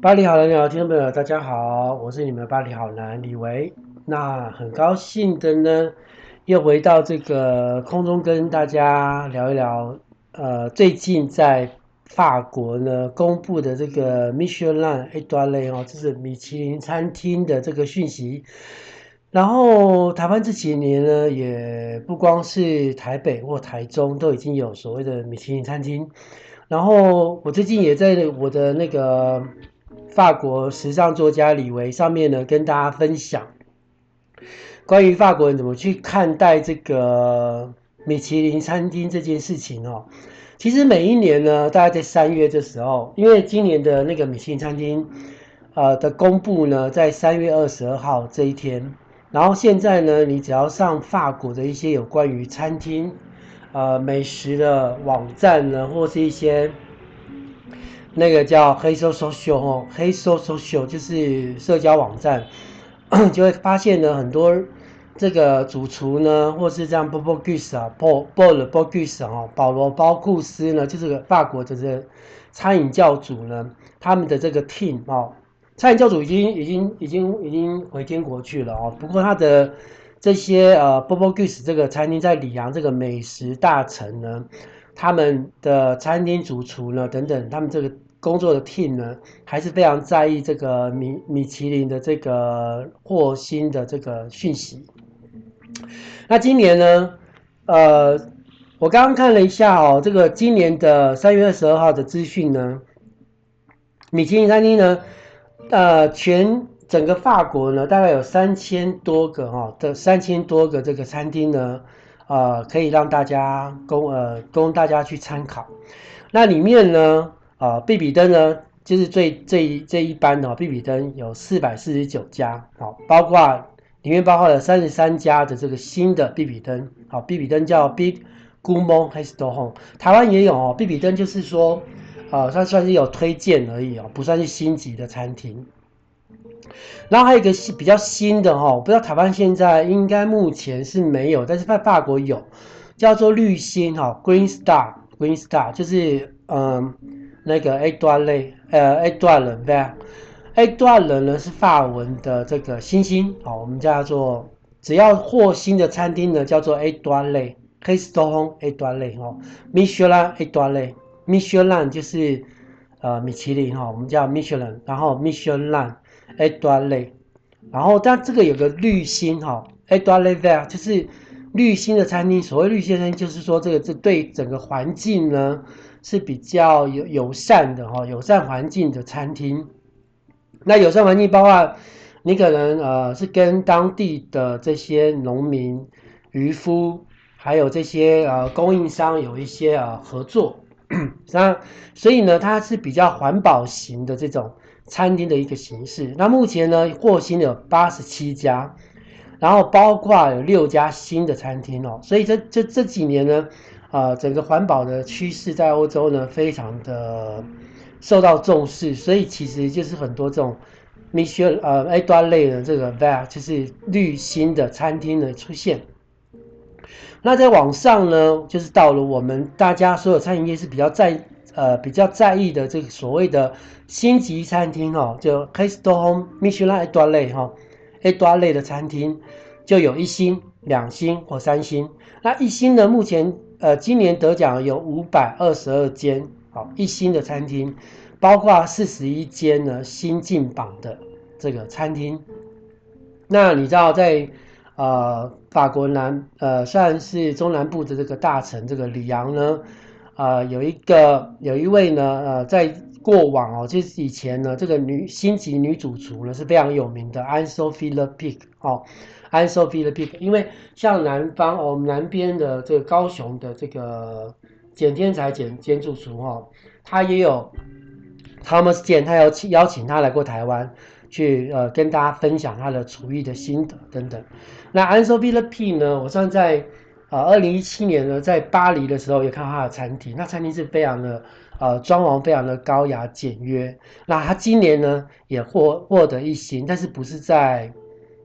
巴黎好男，你好，聽眾朋友，大家好，我是你們的巴黎好男李維。那很高興的呢，又回到這個空中跟大家聊一聊。呃，最近在法國呢公布的這個 Michelin 一段類哦，就是米其林餐廳的這個訊息。然後，台灣這幾年呢，也不光是台北或台中，都已經有所謂的米其林餐廳。然後，我最近也在我的那個。法國時尚作家李維上面呢，跟大家分享關於法國人怎麼去看待這個米其林餐廳這件事情哦。其實每一年呢，大概在三月的時候，因為今年的那個米其林餐廳呃的公布呢，在三月二十二號這一天。然後現在呢，你只要上法國的一些有關於餐廳、呃美食的網站呢，或是一些。那個叫黑搜 social 哦，黑搜 social 就是社交網站， 就會發現呢，很多這個主廚呢，或是像 Bocuse 啊，Paul Bocuse 哈，保羅包顧斯呢，就是法國的這餐飲教主呢，他們的這個 team 啊、哦，餐飲教主已經已經已經已經回天國去了哦，不過他的這些呃 Bocuse 這個餐廳在里昂這個美食大城呢。他們的餐廳主廚呢，等等，他們這個工作的 team 呢，還是非常在意這個米米其林的這個獲星的這個訊息。那今年呢，呃，我剛剛看了一下哦、喔，這個今年的三月二十二號的資訊呢，米其林餐廳呢，呃，全整個法國呢，大概有三千多個哈、喔，這三千多個這個餐廳呢。呃，可以讓大家供呃供大家去參考，那裡面呢，呃，必比登呢就是最最最一般的哦，必比登有四百四十九家，哦，包括裡面包括了三十三家的這個新的必比登，好、哦，必比登叫 Bib Gourmand Restaurant 台灣也有哦，必比登就是說，呃，算算是有推薦而已哦，不算是星級的餐廳。然後還有一個是比較新的哈、哦，我不知道台灣現在應該目前是沒有，但是在法國有叫做綠星哈、哦、，Green Star，Green Star 就是嗯那個 A 段類，呃 A 段人唄，A 段人呢是法文的這個星星啊、哦，我們叫做只要獲星的餐廳呢叫做 A 段類 Restaurant A 段類哈，Michelin A 段類，Michelin 就是呃米其林哈、哦，我們叫 Michelin，然後 Michelin A 端類，然後但這個有個綠星哈，a 端類啡就是綠星的餐廳。所謂綠星呢，就是說這個這對整個環境呢是比較友友善的哈、哦，友善環境的餐廳。那友善環境包括你可能呃是跟當地的這些農民、漁夫，還有這些呃供應商有一些呃合作， 那所以呢，它是比較環保型的這種。餐廳的一個形式。那目前呢，獲星有八十七家，然後包括有六家新的餐廳哦。所以這這這幾年呢，啊、呃，整個環保的趨勢在歐洲呢，非常的受到重視。所以其實就是很多這種 Michel，呃，米其林呃，a 端類的這個 v a i l 就是綠星的餐廳的出現。那再往上呢，就是到了我們大家所有餐飲業是比較在。呃，比較在意的這個所謂的星級餐廳哦，就 Castelhon Michelin A 段類哈，A 段類的餐廳就有一星、兩星或三星。那一星呢，目前呃，今年得獎有五百二十二間哦，一星的餐廳，包括四十一間呢新進榜的這個餐廳。那你知道在呃法國南呃，算是中南部的這個大城，這個里昂呢？呃，有一個有一位呢，呃，在過往哦，就是以前呢，這個女星級女主廚呢是非常有名的，Anne-Sophie Pic 哦，Anne-Sophie Pic，因為像南方哦，南邊的這個高雄的這個簡天才簡簡主廚哦，他也有 Thomas Chien，他有邀請他來過台灣，去呃跟大家分享他的廚藝的心得等等。那 Anne-Sophie Pic 呢，我算在。啊、呃，二零一七年呢，在巴黎的時候也看到他的餐廳，那餐廳是非常的，呃，裝潢非常的高雅簡約。那他今年呢，也獲獲得一星，但是不是在，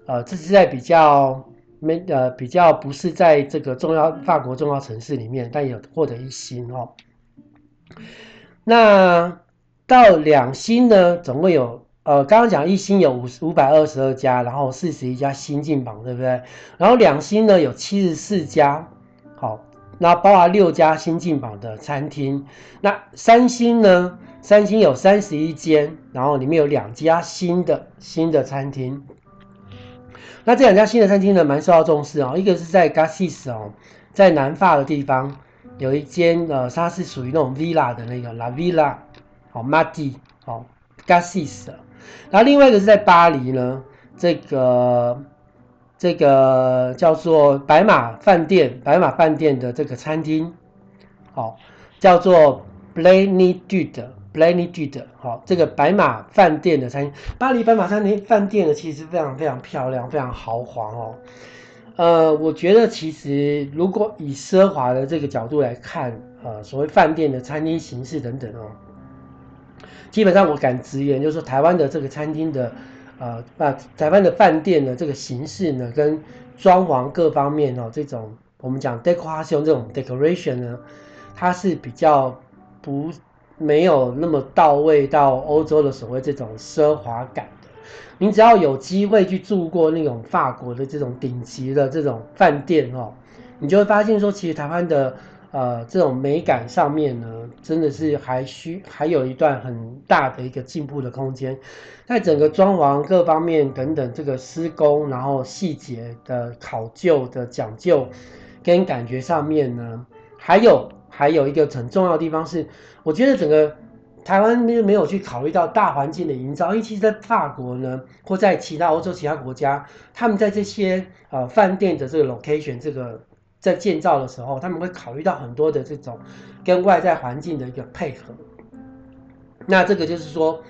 呃，這是在比較沒呃比較不是在這個重要法國重要城市裡面，但也獲得一星哦。那到兩星呢，總共有。呃，剛剛講一星有五，五百二十二家，然後四十一家新進榜，對不對？然後兩星呢有七十四家，好，那包括六家新進榜的餐廳。那三星呢，三星有三十一間，然後裡面有兩家新的新的餐廳。那這兩家新的餐廳呢，蠻受到重視哦。一個是在 Garcis 哦，在南法的地方有一間，呃，它是屬於那種 Villa 的那個 La Villa，好，Mati，好，Garcis。然後另外一個是在巴黎呢，這個這個叫做白馬飯店，白馬飯店的這個餐廳，好，哦，叫做 Plénitude，Plénitude，好，哦，這個白馬飯店的餐廳，巴黎白馬餐廳飯店的其實非常非常漂亮，非常豪華哦。呃，我覺得其實如果以奢華的這個角度來看，啊，呃，所謂飯店的餐廳形式等等哦。基本上我敢直言，就是台灣的這個餐廳的，呃那台灣的飯店呢，這個形式呢，跟裝潢各方面哦，這種我們講 decoration 這種 decoration 呢，它是比較不沒有那麼到位到歐洲的所謂這種奢華感的。你只要有機會去住過那種法國的這種頂級的這種飯店哦，你就會發現說，其實台灣的。呃，這種美感上面呢，真的是還需還有一段很大的一個進步的空間，在整個裝潢各方面等等，這個施工，然後細節的考究的講究跟感覺上面呢，還有還有一個很重要的地方是，我覺得整個台灣沒有去考慮到大環境的營造，因為其實，在法國呢，或在其他歐洲其他國家，他們在這些呃飯店的這個 location 這個。在建造的時候，他們會考慮到很多的這種跟外在環境的一個配合。那這個就是說，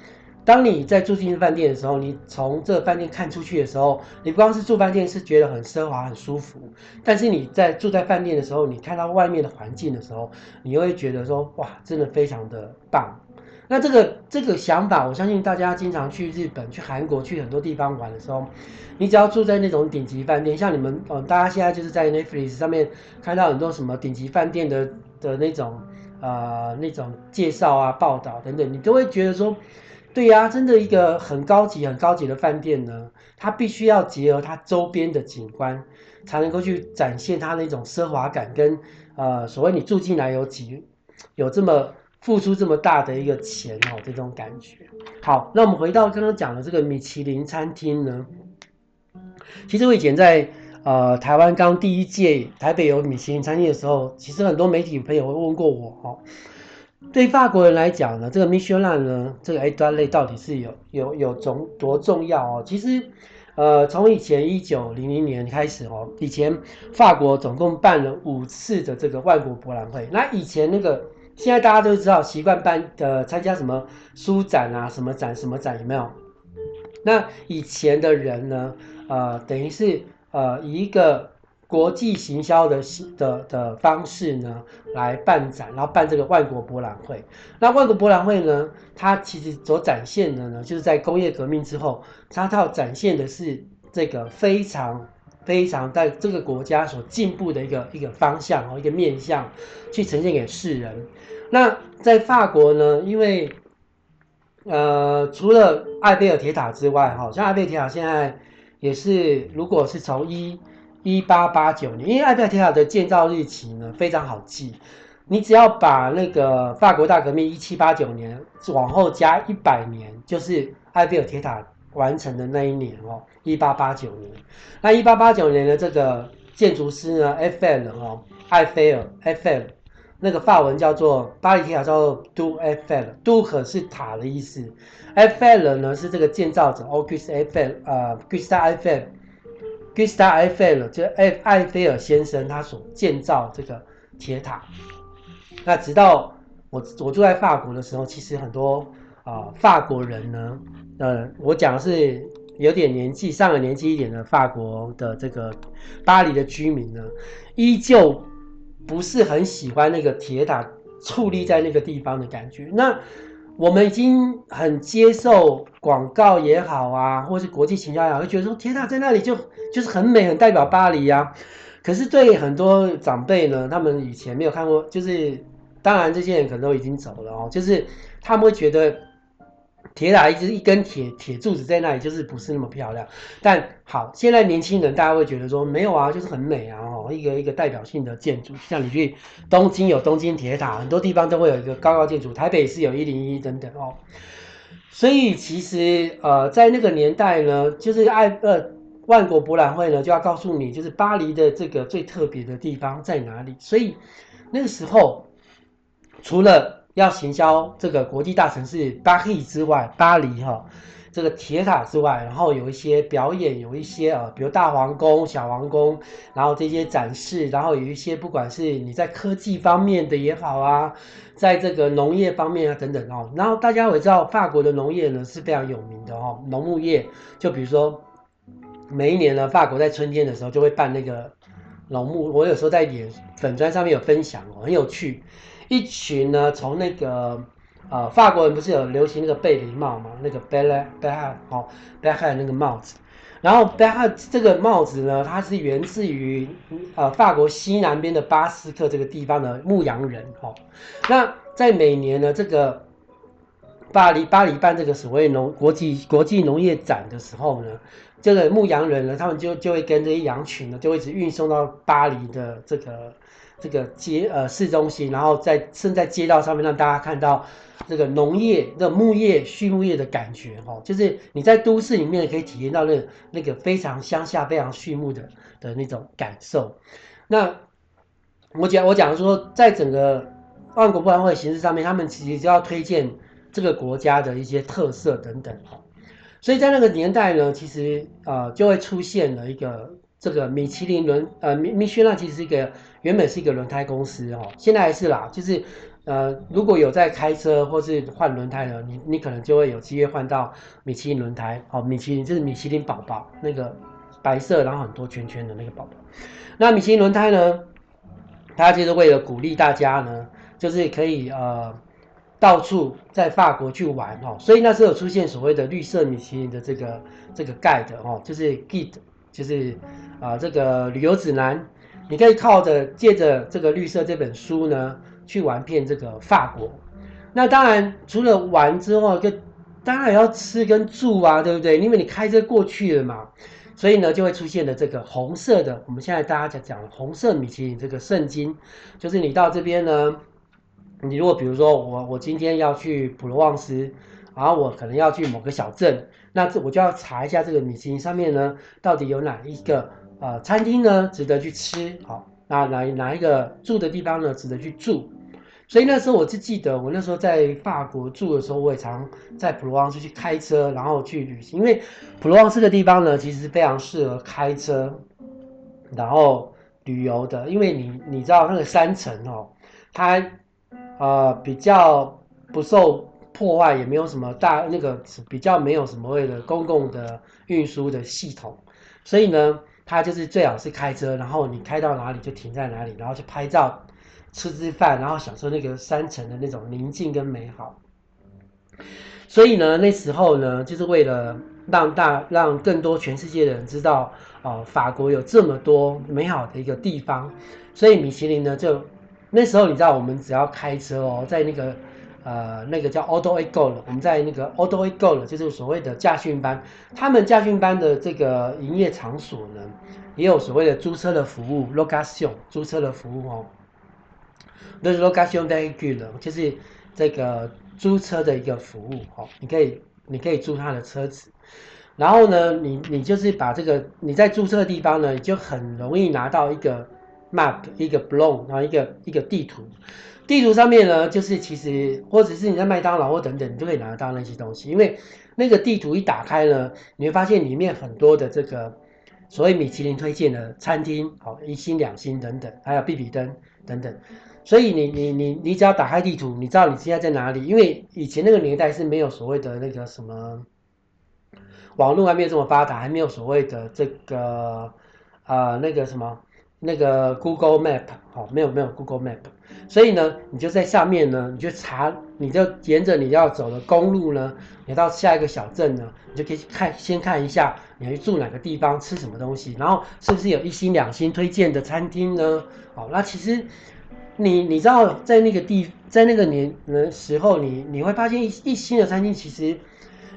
當你在住進飯店的時候，你從這個飯店看出去的時候，你不光是住飯店是覺得很奢華、很舒服，但是你在住在飯店的時候，你看到外面的環境的時候，你又會覺得說，哇，真的非常的棒。那這個這個想法，我相信大家經常去日本、去韓國、去很多地方玩的時候，你只要住在那種頂級飯店，像你們哦，大家現在就是在 Netflix 上面看到很多什麼頂級飯店的的那種呃那種介紹啊、報道等等，你都會覺得說，對呀，真的一個很高級、很高級的飯店呢，它必須要結合它周邊的景觀，才能夠去展現它那種奢華感跟呃所謂你住進來有幾有這麼。付出這麼大的一個錢哦，這種感覺。好，那我們回到剛剛講的這個米其林餐廳呢，其實我以前在呃台灣剛第一屆台北有米其林餐廳的時候，其實很多媒體朋友會問過我哦，對法國人來講呢，這個米其林呢，這個 A 端類到底是有有有種多重要哦？其實，呃，從以前一九零零年開始哦，以前法國總共辦了五次的這個外國博覽會，那以前那個。現在大家都知道習慣辦，呃參加什麼書展啊，什麼展什麼展有沒有？那以前的人呢，呃，等於是呃以一個國際行銷的的的方式呢來辦展，然後辦這個萬國博覽會。那萬國博覽會呢，它其實所展現的呢，就是在工業革命之後，它要展現的是這個非常。非常在這個國家所進步的一個一個方向哦，一個面向去呈現給世人。那在法國呢，因為呃，除了埃菲爾鐵塔之外，哈，像埃菲爾鐵塔現在也是，如果是從一一八八九年，因為埃菲爾鐵塔的建造日期呢非常好記，你只要把那個法國大革命一七八九年往後加一百年，就是埃菲爾鐵塔完成的那一年哦，一八八九年。那一八八九年的這個建築師呢 Eiffel 哦，埃菲爾 Eiffel 那個法文叫做巴黎鐵塔叫做 Du Eiffel Du 可是塔的意思 Eiffel 呢是這個建造者 Auguste Eiffel 呃，Gustave Eiffel Gustave Eiffel 就是埃菲爾先生他所建造這個鐵塔。那直到我我住在法國的時候，其實很多啊、呃、法國人呢。呃、嗯，我講的是有點年紀，上了年紀一點的法國的這個巴黎的居民呢，依舊不是很喜歡那個鐵塔矗立在那個地方的感覺。那我們已經很接受廣告也好啊，或是國際形象也好，會覺得說鐵塔在那裡就就是很美，很代表巴黎呀、啊。可是對很多長輩呢，他們以前沒有看過，就是當然這些人可能都已經走了哦，就是他們會覺得。鐵塔一直一根鐵鐵柱子，在那裡，就是不是那麼漂亮。但好，現在年輕人大家會覺得說沒有啊，就是很美啊哦，一個一個代表性的建築，像你去東京有東京鐵塔，很多地方都會有一個高高建築，台北是有一零一等等哦。所以其實呃，在那個年代呢，就是愛呃萬國博覽會呢，就要告訴你，就是巴黎的這個最特別的地方在哪裡。所以那個時候除了要行銷這個國際大城市巴黎之外，巴黎哈，這個鐵塔之外，然後有一些表演，有一些啊，比如大皇宮、小皇宮，然後這些展示，然後有一些不管是你在科技方面的也好啊，在這個農業方面啊等等哦，然後大家會知道法國的農業呢是非常有名的哦，農牧業，就比如說每一年呢，法國在春天的時候就會辦那個農牧，我有時候在演粉專上面有分享哦，很有趣。一群呢，從那個呃，法國人不是有流行那個貝雷帽嘛，那個貝雷貝漢哦，貝漢那個帽子，然後貝漢這個帽子呢，它是源自於呃法國西南邊的巴斯克這個地方的牧羊人哦、oh。那在每年呢，這個巴黎巴黎辦這個所謂農國際國際農業展的時候呢，這個牧羊人呢，他們就就會跟這些羊群呢，就會一直運送到巴黎的這個。這個街呃市中心，然後在甚至在街道上面，讓大家看到這個農業、的、這個、牧業、畜牧業的感覺哦，就是你在都市裡面可以體驗到那個、那個非常鄉下、非常畜牧的的那種感受。那我講我講說，在整個萬國博覽會形式上面，他們其實就要推薦這個國家的一些特色等等哈。所以在那個年代呢，其實啊、呃、就會出現了一個。這個米其林輪，呃，米米其林那其實是一個原本是一個輪胎公司哦，現在還是啦，就是，呃，如果有在開車或是換輪胎的，你你可能就會有機會換到米其林輪胎哦。米其林就是米其林寶寶，那個白色然後很多圈圈的那個寶寶。那米其林輪胎呢，它就是為了鼓勵大家呢，就是可以呃到處在法國去玩哦，所以那時候出現所謂的綠色米其林的這個這個 Guide 哦，就是 Guide 就是，啊、呃，這個旅遊指南，你可以靠着借着這個綠色這本書呢，去玩遍這個法國。那當然，除了玩之後，就當然要吃跟住啊，對不對？因為你開車過去了嘛，所以呢，就會出現了這個紅色的。我們現在大家講講紅色米其林這個聖經，就是你到這邊呢，你如果比如說我，我今天要去普羅旺斯，然後我可能要去某個小鎮。那這我就要查一下這個米其林上面呢，到底有哪一個、呃、餐廳呢值得去吃？好、哦、哪哪一個住的地方呢值得去住？所以那時候我就記得，我那時候在法國住的時候，我也常在普羅旺斯去開車，然後去旅行。因為普羅旺斯的地方呢，其實非常適合開車，然後旅遊的。因為你你知道那個山城哦，它啊、呃、比較不受。破壞也沒有什麼大，那個比較沒有什麼為了公共的運輸的系統，所以呢，他就是最好是開車，然後你開到哪裡就停在哪裡，然後去拍照、吃吃飯，然後享受那個山城的那種寧靜跟美好。所以呢，那時候呢，就是為了讓大讓更多全世界的人知道，哦、呃，法國有這麼多美好的一個地方。所以米其林呢，就那時候你知道，我們只要開車哦，在那個。呃，那個叫 Auto école 了，我們在那個 Auto école 了，就是所謂的駕訓班。他們駕訓班的這個營業場所呢，也有所謂的租車的服務，location 租車的服務哦。就是 location 那個就是這個租車的一個服務哦，你可以你可以租他的車子，然後呢，你你就是把這個你在租車的地方呢，就很容易拿到一個 map 一個 blow 然後一個一個地圖。地圖上面呢，就是其實或者是你在麥當勞或等等，你就可以拿得到那些東西。因為那個地圖一打開呢，你會發現裡面很多的這個所謂米其林推薦的餐廳，好一星兩星等等，還有必比登等等。所以你你你你只要打開地圖，你知道你現在在哪裡。因為以前那個年代是沒有所謂的那個什麼，網絡還沒有這麼發達，還沒有所謂的這個啊、呃、那個什麼。那個 Google Map 哦，沒有沒有 Google Map，所以呢，你就在下面呢，你就查，你就沿着你要走的公路呢，你到下一個小鎮呢，你就可以看，先看一下你要去住哪個地方，吃什麼東西，然後是不是有一星、兩星推薦的餐廳呢？哦，那其實你你知道，在那個地，在那個年的時候你，你你會發現一，一星的餐廳其實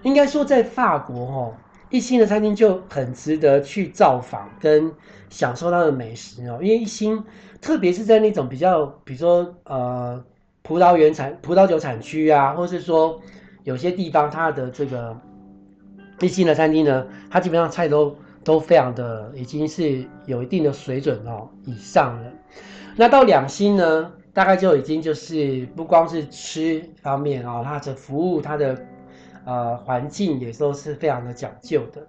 應該說在法國哦。一星的餐廳就很值得去造訪跟享受它的美食哦，因為一星，特別是在那種比較，比如說呃，葡萄園產葡萄酒產區啊，或是說有些地方它的這個一星的餐廳呢，它基本上菜都都非常的已經是有一定的水準哦以上了。那到兩星呢，大概就已經就是不光是吃方面哦，它的服務它的。呃，環境也都是非常的講究的。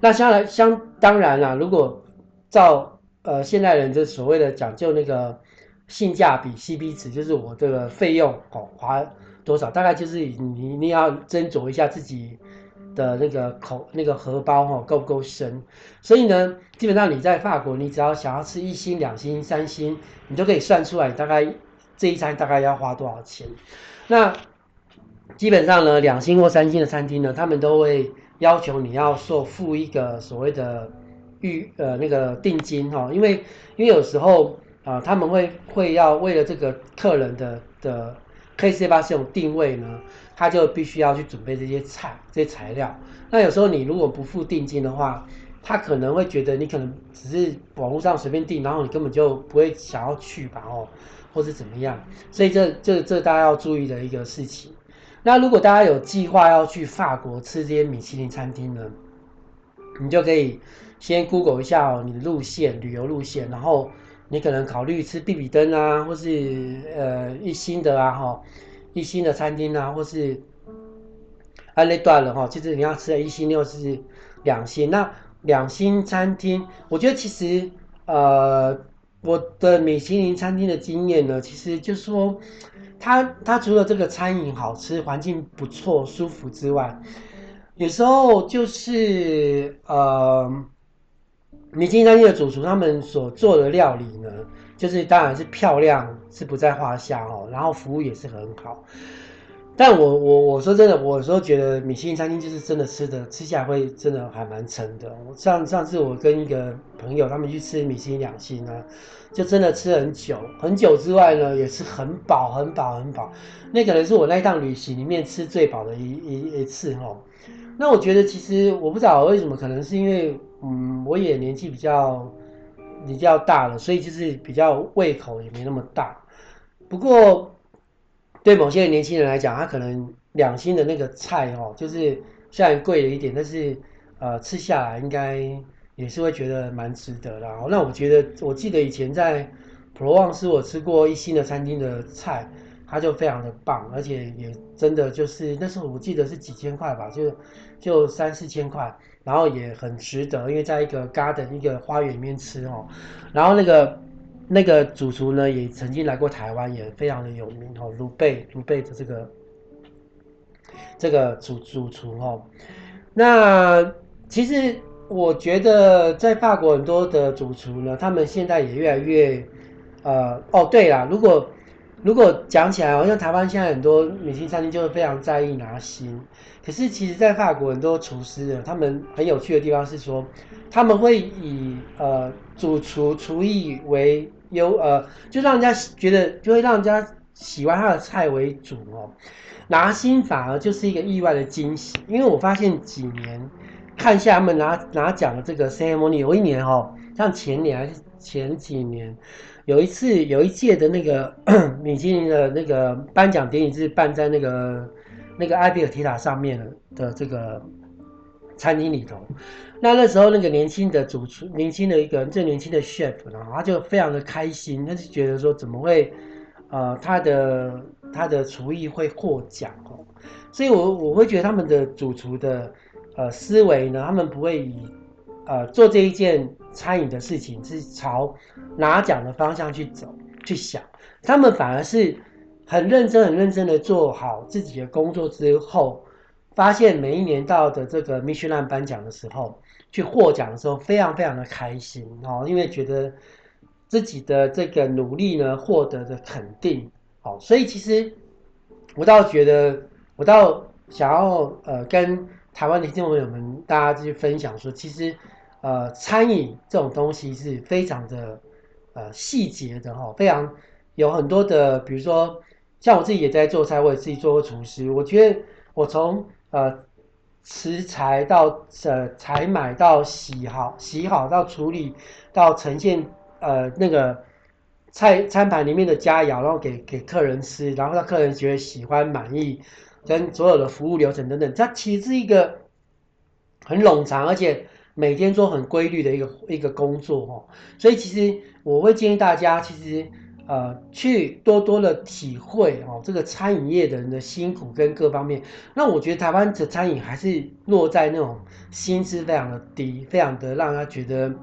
那下來，相當然啦，啊，如果照呃現代人的所謂的講究那個性價比 C P 值，就是我這個費用哦花多少，大概就是你一定要斟酌一下自己的那個口那個荷包哈夠、哦，不夠深。所以呢，基本上你在法國，你只要想要吃一星、兩星、三星，你都可以算出來大概這一餐大概要花多少錢。那。基本上呢，兩星或三星的餐廳呢，他們都會要求你要說付一個所謂的預呃那個定金哈、喔，因為因為有時候啊、呃，他們會會要為了這個客人的的 K C 八這種定位呢，他就必須要去準備這些菜這些材料。那有時候你如果不付定金的話，他可能會覺得你可能只是網絡上隨便定，然後你根本就不會想要去吧，哦、喔，或是怎麼樣，所以這這這大家要注意的一個事情。那如果大家有計劃要去法國吃這些米其林餐廳呢，你就可以先 Google 一下你的路線、旅遊路線，然後你可能考慮吃比比登啊，或是呃一星的啊，哈，一星的餐廳啊，或是阿、啊、那段了哈，其實你要吃的一星，又是兩星。那兩星餐廳，我覺得其實呃我的米其林餐廳的經驗呢，其實就是說。他他除了這個餐飲好吃、環境不錯、舒服之外，有時候就是呃，米其林餐廳的主廚他們所做的料理呢，就是當然是漂亮是不在話下哦，然後服務也是很好。但我我我說真的，我有時候覺得米其林餐廳就是真的吃的，吃下來會真的還蠻撐的。我上上次我跟一個朋友他們去吃米其林兩星呢，就真的吃很久很久之外呢，也是很飽很飽很飽。那可能是我那一趟旅行裡面吃最飽的一一一次哦。那我覺得其實我不知道為什麼，可能是因為嗯，我也年紀比較比較大了，所以就是比較胃口也沒那麼大。不過。對某些年輕人來講，他可能兩星的那個菜哦，就是雖然貴了一點，但是呃，吃下來應該也是會覺得蠻值得啦。那我覺得，我記得以前在普羅旺斯，我吃過一星的餐廳的菜，它就非常的棒，而且也真的就是那時候我記得是幾千塊吧，就就三四千塊，然後也很值得，因為在一個 garden 一個花園裡面吃哦，然後那個。那個主廚呢，也曾經來過台灣，也非常的有名哦，盧貝盧貝的這個這個主主廚哦。那其實我覺得在法國很多的主廚呢，他們現在也越來越呃哦對了，如果如果講起來，好像台灣現在很多明星餐廳就會非常在意拿星，可是其實在法國很多廚師啊，他們很有趣的地方是說他們會以呃主廚廚藝為有呃，就讓人家覺得，就會讓人家喜歡他的菜為主哦。拿星反而就是一個意外的驚喜，因為我發現幾年看一下他們拿拿獎的這個 ceremony，有一年哦，像前年還是前幾年，有一次有一屆的那個米其林的那個頒獎典禮是辦在那個那個埃菲爾鐵塔上面的這個。餐廳裡頭，那那時候那個年輕的主廚，年輕的一個最年輕的 chef 呢，他就非常的開心，他就覺得說，怎麼會，呃，他的他的廚藝會獲獎哦？所以我我會覺得他們的主廚的呃思維呢，他們不會以呃做這一件餐飲的事情是朝拿獎的方向去走去想，他們反而是很認真很認真的做好自己的工作之後。發現每一年到的這個米 a n 頒獎的時候，去獲獎的時候，非常非常的開心哦，因為覺得自己的這個努力呢，獲得的肯定，好，所以其實我倒覺得，我倒想要呃，跟台灣的聽眾友們大家去分享說，其實呃，餐飲這種東西是非常的呃細節的哈，非常有很多的，比如說像我自己也在做菜，我也自己做過廚師，我覺得我從呃，食材到呃採買到洗好洗好到處理到呈現呃那個菜餐盤裡面的佳肴，然後給給客人吃，然後讓客人覺得喜歡滿意，跟所有的服務流程等等，它其實是一個很冗長，而且每天做很規律的一個一個工作哦，所以其實我會建議大家，其實。呃，去多多的體會哦，這個餐飲業的人的辛苦跟各方面。那我覺得台灣的餐飲還是落在那種薪資非常的低，非常的讓他覺得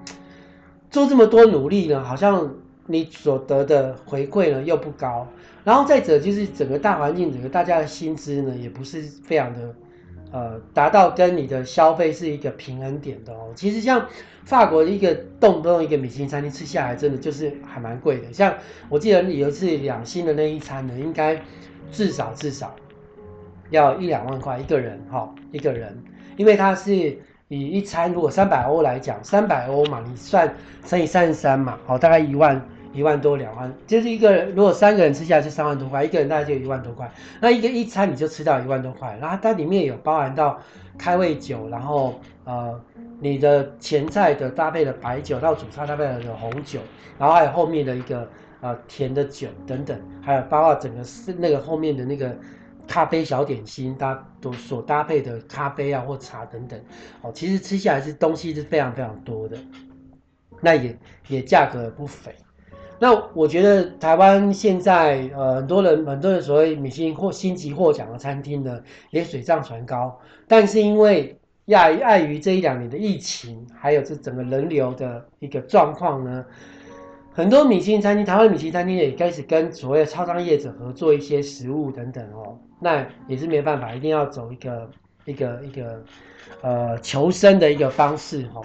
做這麼多努力呢，好像你所得的回饋呢又不高。然後再者就是整個大環境，整個大家的薪資呢也不是非常的。呃，達到跟你的消費是一個平衡點的哦。其實像法國的一個動不動一個米其林餐廳吃下來，真的就是還蠻貴的。像我記得有一次兩星的那一餐呢，應該至少至少要一兩萬塊一個人哈、哦，一個人，因為它是以一餐如果三百歐來講，三百歐嘛，你算乘以三十三嘛，好、哦，大概一萬。一萬多兩萬，就是一個人如果三個人吃下來是三萬多塊，一個人大概就一萬多塊。那一個一餐你就吃到一萬多塊，然後它裡面有包含到開胃酒，然後呃你的前菜的搭配的白酒到主菜搭配的紅酒，然後還有後面的一個呃甜的酒等等，還有包括整個是那個後面的那個咖啡小點心，搭，都所搭配的咖啡啊或茶等等。哦，其實吃下來是東西是非常非常多的，那也也價格不菲。那我覺得台灣現在呃很多人，很多人所謂米其林或星級獲獎的餐廳呢，也水漲船高。但是因為礙於礙於這一兩年的疫情，還有這整個人流的一個狀況呢，很多米其林餐廳，台灣米其林餐廳也開始跟所謂的超商業者合作一些食物等等哦。那也是沒辦法，一定要走一個一個一個呃求生的一個方式哦。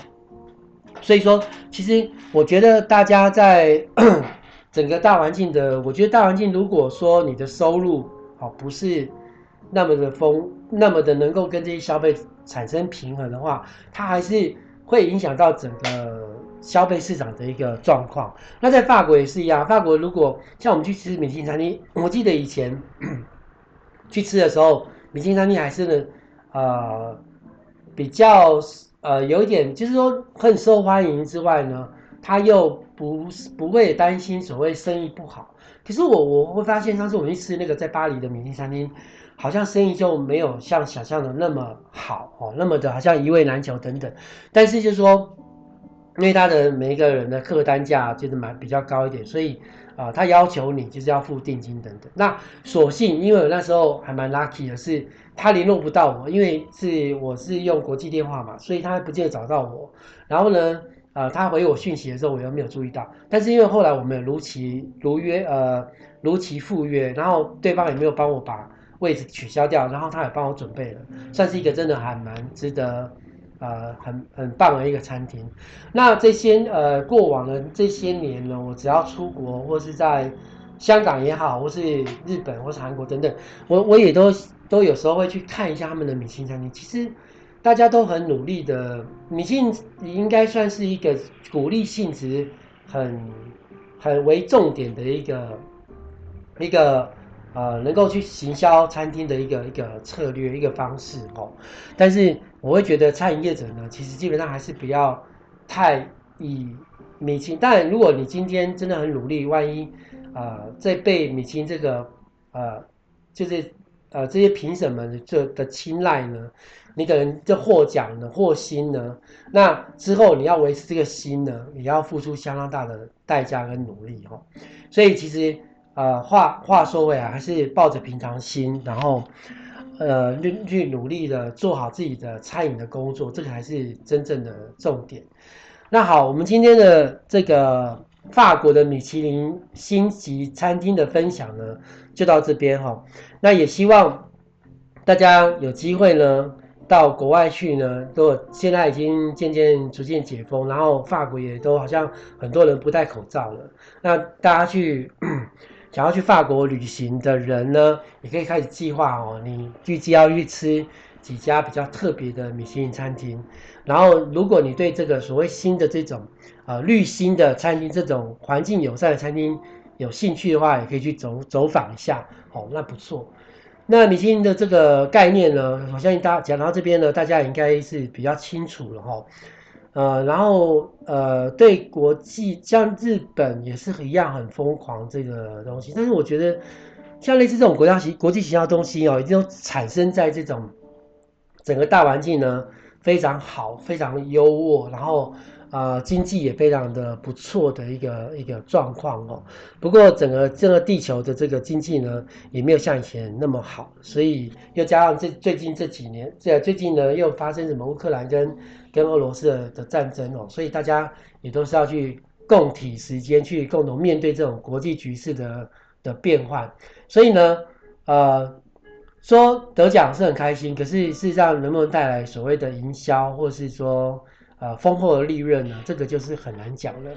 所以說，其實我覺得大家在整個大環境的，我覺得大環境，如果說你的收入哦不是那麼的豐，那麼的能夠跟這些消費產生平衡的話，它還是會影響到整個消費市場的一個狀況。那在法國也是一樣，法國如果像我們去吃米其林餐廳，我記得以前去吃的時候，米其林餐廳還是呢呃比較。呃，有一點就是說很受歡迎之外呢，他又不不會擔心所謂生意不好。可是我我會發現，上次我去吃那個在巴黎的明星餐廳，好像生意就沒有像想象的那麼好哦，那麼的好像一位難求等等。但是就是說，因為他的每一個人的客單價就是蠻比較高一點，所以。啊、呃，他要求你就是要付定金等等。那所幸，因為那時候還蠻 lucky 的是，是他聯絡不到我，因為是我是用國際電話嘛，所以他不記得找到我。然後呢、呃，他回我訊息的時候，我又沒有注意到。但是因為後來我們如期如約，呃，如期赴約，然後對方也沒有幫我把位置取消掉，然後他也幫我準備了，算是一個真的還蠻值得。呃，很很棒的一個餐廳。那這些呃，過往的這些年呢，我只要出國或是在香港也好，或是日本或是韓國等等，我我也都都有時候會去看一下他們的明星餐廳。其實大家都很努力的，明星應該算是一個鼓勵性質很很為重點的一個一個呃，能夠去行銷餐廳的一個一個策略一個方式哦、喔，但是。我會覺得餐飲業者呢，其實基本上還是不要太以米其。當然，如果你今天真的很努力，萬一啊、呃，再被米其林這個呃，就是呃這些評審們這的、的青睞呢，你可能就獲獎呢，獲星呢，那之後你要維持這個星呢，你要付出相當大的代價跟努力哦。所以其實呃，話話說回來，還是抱着平常心，然後。呃，去努力的做好自己的餐飲的工作，這個才是真正的重點。那好，我們今天的這個法國的米其林星級餐廳的分享呢，就到這邊哈、哦。那也希望大家有機會呢，到國外去呢，都現在已經漸漸逐漸解封，然後法國也都好像很多人不戴口罩了。那大家去。 想要去法國旅行的人呢，你可以開始計劃哦。你預計要去吃幾家比較特別的米其林餐廳，然後如果你對這個所謂新的這種呃綠星的餐廳、這種環境友善的餐廳有興趣的話，也可以去走走訪一下哦。那不錯，那米其林的這個概念呢，我相信大家講到這邊呢，大家應該是比較清楚了哈、哦。呃，然後呃，對國際，像日本也是一樣很瘋狂這個東西，但是我覺得像類似這種國家形國際其他東西哦，一定都產生在這種整個大環境呢非常好，非常優渥，然後。啊、呃，經濟也非常的不錯的一個一個狀況哦。不過整個這個地球的這個經濟呢，也沒有像以前那麼好，所以又加上這最近這幾年，這最近呢又發生什麼烏克蘭跟跟俄羅斯的的戰爭哦，所以大家也都是要去共體時艱，去共同面對這種國際局勢的的變換。所以呢，呃，說得獎是很開心，可是事實上能不能帶來所謂的營銷，或是說，呃，豐厚的利潤呢，這個就是很難講了。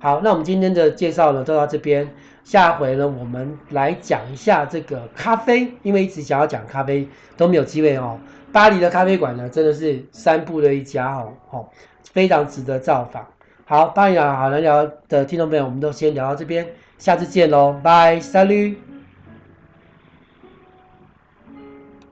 好，那我們今天的介紹呢，就到這邊。下回呢，我們來講一下這個咖啡，因為一直想要講咖啡都沒有機會哦。巴黎的咖啡館呢，真的是三步的一家哦，哦，非常值得造訪。好，巴黎、啊、好男聊的聽眾朋友，我們都先聊到這邊，下次見嘍，拜，salut。